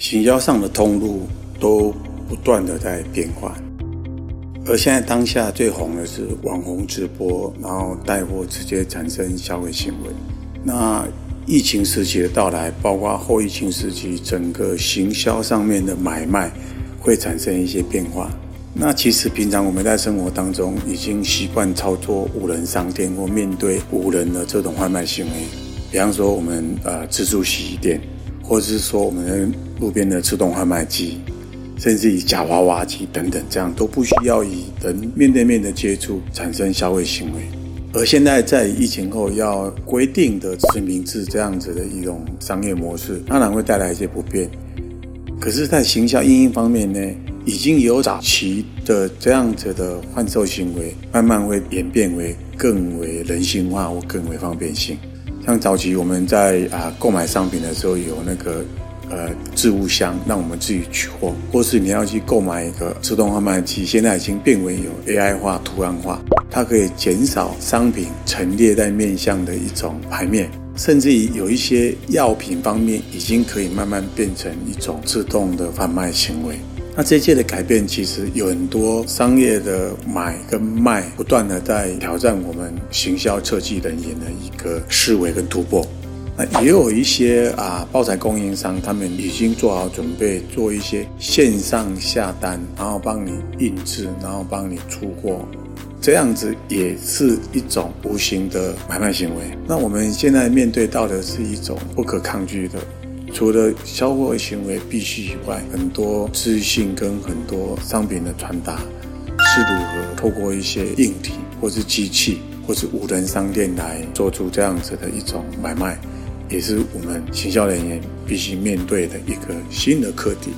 行銷上的通路都不斷的在變化，而現在當下最紅的是網紅直播，然後帶貨直接產生消費行為。那疫情時期的到來，包括後疫情時期，整個行銷上面的買賣會產生一些變化。那其實平常我們在生活當中已經習慣操作無人商店或面對無人的這種販賣行為，比方說我們呃自助洗衣店。或者是說，我們路邊的自動販賣機，甚至以夾娃娃機等等，這樣都不需要以人面對面的接觸產生消費行為。而現在在疫情後要規定的實名制這樣子的一種商業模式，當然會帶來一些不便。可是，在行銷因應方面呢，已經有早期的這樣子的販售行為，慢慢會演變為更為人性化或更為方便性。像早期我們在啊、呃、購買商品的時候，有那個呃置物箱，讓我們自己取貨。或是你要去購買一個自動販賣機，現在已經變為有 AI 化、圖案化，它可以減少商品陳列在面向的一種排面，甚至於有一些藥品方面已經可以慢慢變成一種自動的販賣行為。那這一切的改變，其實有很多商業的買跟賣，不斷的在挑戰我們行銷設計人員的一個思維跟突破。那也有一些啊，包材供應商，他們已經做好準備，做一些線上下單，然後幫你印制，然後幫你出貨，這樣子也是一種無形的買賣行為。那我們現在面對到的是一種不可抗拒的。除了消費行為必須以外，很多資訊跟很多商品的傳達是如何透過一些硬體或是機器或是無人商店來做出這樣子的一種買賣，也是我們行銷人員必須面對的一個新的課題。